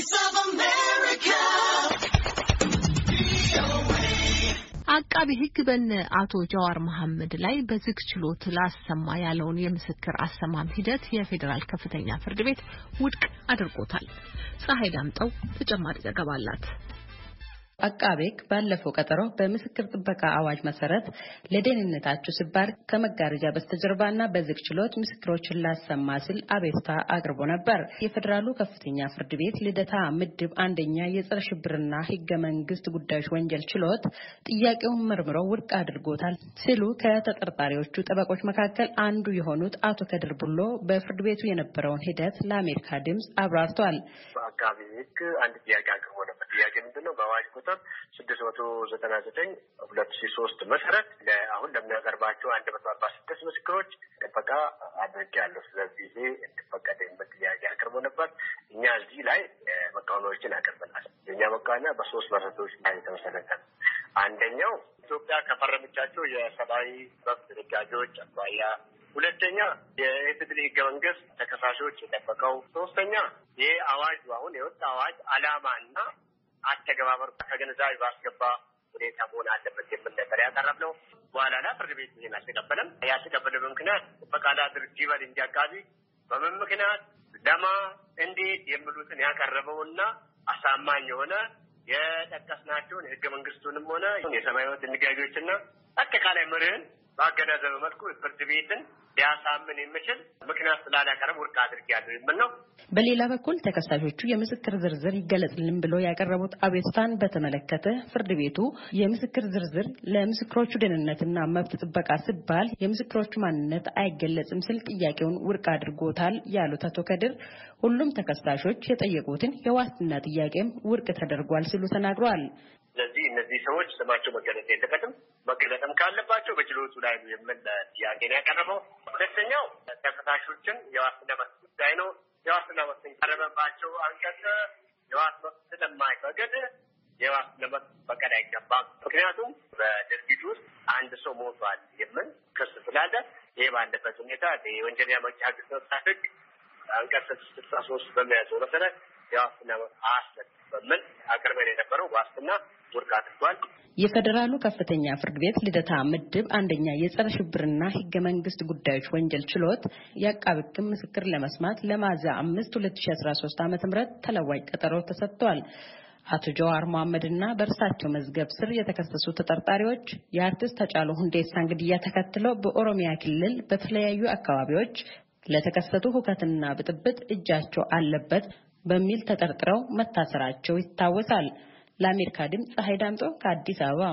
Voice of America. አቃቢ ሕግ በነ አቶ ጀዋር መሐመድ ላይ በዝግ ችሎት ላሰማ ያለውን የምስክር አሰማም ሂደት የፌዴራል ከፍተኛ ፍርድ ቤት ውድቅ አድርጎታል። ፀሐይ ዳምጠው ተጨማሪ ዘገባ አላት። አቃቤክ ባለፈው ቀጠሮ በምስክር ጥበቃ አዋጅ መሰረት ለደህንነታችሁ ሲባል ከመጋረጃ በስተጀርባና በዝግ ችሎት ምስክሮችን ላሰማ ሲል አቤቱታ አቅርቦ ነበር። የፌዴራሉ ከፍተኛ ፍርድ ቤት ልደታ ምድብ አንደኛ የጸረ ሽብርና ህገ መንግስት ጉዳዮች ወንጀል ችሎት ጥያቄውን መርምሮ ውድቅ አድርጎታል ሲሉ ከተጠርጣሪዎቹ ጠበቆች መካከል አንዱ የሆኑት አቶ ከድር ቡሎ በፍርድ ቤቱ የነበረውን ሂደት ለአሜሪካ ድምፅ አብራርቷል። በአቃቤ አንድ ጥያቄ አቅርቦ ቤተሰብ ስድስት መቶ ዘጠና ዘጠኝ ሁለት ሺ ሶስት መሰረት አሁን ለሚያቀርባቸው አንድ መቶ አርባ ስድስት ምስክሮች ጥበቃ አድርጌያለሁ። ስለዚህ ይሄ እንዲፈቀድ የሚል ጥያቄ አቅርቦ ነበር። እኛ እዚህ ላይ መቃወሚያዎችን አቅርበናል። የእኛ መቃወሚያ በሶስት መሰረቶች ላይ የተመሰረተ ነው። አንደኛው ኢትዮጵያ ከፈረመቻቸው የሰብአዊ መብት ድንጋጌዎች አኳያ ሁለተኛ የኢፌዴሪ ህገ መንግስት ተከሳሾች የጠበቀው፣ ሶስተኛ ይህ አዋጁ አሁን የወጣ አዋጅ አላማ እና አተገባበር ከግንዛቤ ባስገባ ሁኔታ መሆን አለበት የሚል ነበር ነው። በኋላ ላ ፍርድ ቤት ይህን አልተቀበለም። ያልተቀበለው ምክንያት በቃላ ድርጅበል እንጂ አካባቢ በምን ምክንያት ለማ እንዴት የሚሉትን ያቀረበውና አሳማኝ የሆነ የጠቀስናቸውን የህገ መንግስቱንም ሆነ የሰብአዊ መብት ድንጋጌዎችና አጠቃላይ መርህን ባገናዘበ መልኩ ፍርድ ቤትን ሊያሳምን የምችል ምክንያት ስላላቀረብ ውድቅ አድርጌያለሁ የሚል ነው። በሌላ በኩል ተከሳሾቹ የምስክር ዝርዝር ይገለጽልን ብሎ ያቀረቡት አቤቱታን በተመለከተ ፍርድ ቤቱ የምስክር ዝርዝር ለምስክሮቹ ደህንነትና መብት ጥበቃ ሲባል የምስክሮቹ ማንነት አይገለጽም ስል ጥያቄውን ውድቅ አድርጎታል ያሉት አቶ ከድር ሁሉም ተከሳሾች የጠየቁትን የዋስትና ጥያቄም ውድቅ ተደርጓል ሲሉ ተናግረዋል። ስለዚህ እነዚህ ሰዎች ስማቸው መገለጽ የለበትም። መገለጥም ካለባቸው በችሎቱ ላይ የምል ጥያቄ ነው ያቀረበው። ሁለተኛው ተከሳሾችን የዋስትና መብት ጉዳይ ነው። የዋስትና መብት ቀረበባቸው አንቀጽ የዋስ መብት ስለማይፈቅድ የዋስትና መብት ፈቀድ አይገባም። ምክንያቱም በድርጊት ውስጥ አንድ ሰው ሞቷል የምል ክስ ስላለ ይህ ባለበት ሁኔታ የወንጀለኛ መቅጫ ሕግ አንቀጽ ስልሳ ሶስት በሚያዘው መሰረት የዋስትና መብት በሚል አቅርበን የነበረው ዋስትና ውድቅ አድርጓል። የፌዴራሉ ከፍተኛ ፍርድ ቤት ልደታ ምድብ አንደኛ የጸረ ሽብርና ሕገ መንግስት ጉዳዮች ወንጀል ችሎት የአቃቤ ምስክር ለመስማት ለማዛ አምስት ሁለት ሺ አስራ ሶስት ዓመተ ምህረት ተለዋጭ ቀጠሮ ተሰጥቷል። አቶ ጀዋር መሐመድ እና በእርሳቸው መዝገብ ስር የተከሰሱ ተጠርጣሪዎች የአርቲስት ሃጫሉ ሁንዴሳ ግድያ ተከትለው በኦሮሚያ ክልል በተለያዩ አካባቢዎች ለተከሰቱ ሁከትና ብጥብጥ እጃቸው አለበት በሚል ተጠርጥረው መታሰራቸው ይታወሳል። ለአሜሪካ ድምፅ ፀሐይ ዳምጦ ከአዲስ አበባ